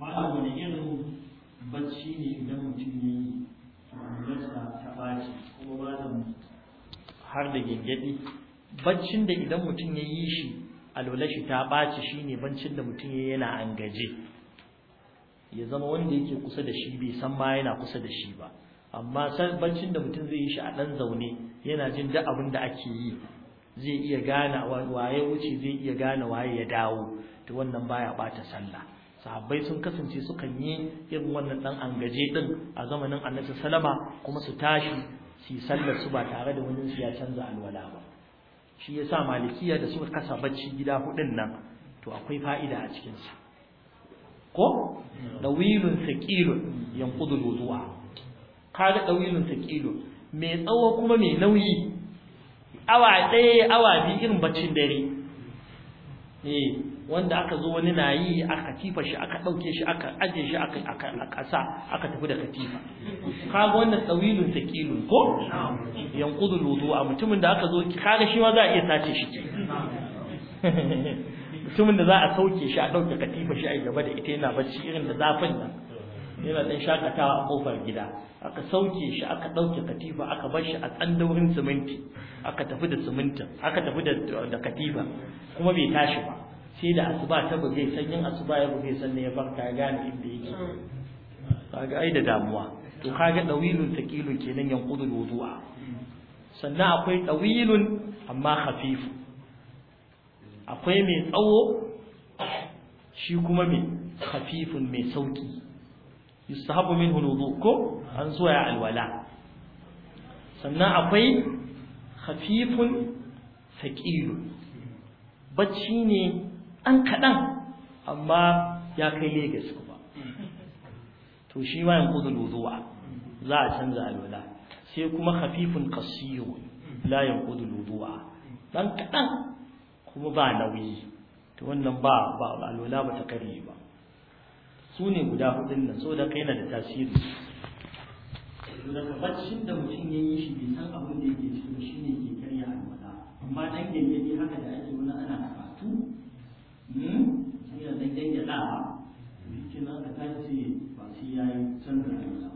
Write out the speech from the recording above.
wani irin bacci ne idan mutum ya yi tunaninsa ta ɓaci kuma har da gengedi baccin da idan mutum ya yi shi a shi ta ɓaci shine baccin da mutum ya yana an gaje ya zama wanda yake kusa da shi bai san ma yana kusa da shi ba amma san baccin da mutum zai yi shi a ɗan zaune yana jin duk abin da ake yi zai iya gane waye wuce zai iya gane waye ya dawo to wannan baya ɓata sallah sahabbai sun kasance sukan yi irin wannan dan angaje din a zamanin annabi Salama, kuma su tashi su sallar su ba tare da wani su ya canza alwala ba shi yasa malikiya da suka kasa bacci gida hudun nan to akwai fa'ida a cikin sa ko dawilun thaqilun yanqudul wudu'a kaga dawilun thaqilun mai tsawo kuma mai nauyi awa ɗaya awa biyu irin baccin dare eh wanda aka zo wani na yi aka katifa shi aka dauke shi aka aje shi aka aka kasa aka tafi da katifa kaga wannan tsawilun sakilun ko wudu a mutumin da aka zo kaga shi ma za a iya sace shi mutumin da za a sauke shi a dauke katifa shi a gaba da ita yana bacci irin da zafin nan yana ɗan shakatawa a kofar gida aka sauke shi aka dauke katifa aka bar shi a tsandaurin siminti aka tafi da siminti aka tafi da katifa kuma bai tashi ba sai da asuba ta buge yin asuba ya buge ne ya farka ya gane inda yake kaga ai da damuwa to kaga dawilun takilun kenan kudu wudu'a sannan akwai dawilun amma khafifu akwai mai tsawo shi kuma mai khafifun mai sauki yustahabu minhu alwudu ko an so ya alwala sannan akwai khafifun saqilu bacci ne an kadan amma ya kai Legas kuma to shi ma yanqudu alwudu'a za a canza alwala sai kuma khafifun qasiyun la yanqudu alwudu'a dan kadan kuma ba nauyi to wannan ba ba alwala ba ta kare ba su ne guda hudun nan so da kai na da tasiri daga baccin da mutum ya yi shi bai san abin da yake cikin shi ne ke karya alwala amma dan gangare haka da ake wani ana karatu hmm, sai ya dan gangara shi na ka tashi ba sai ya yi canza alwala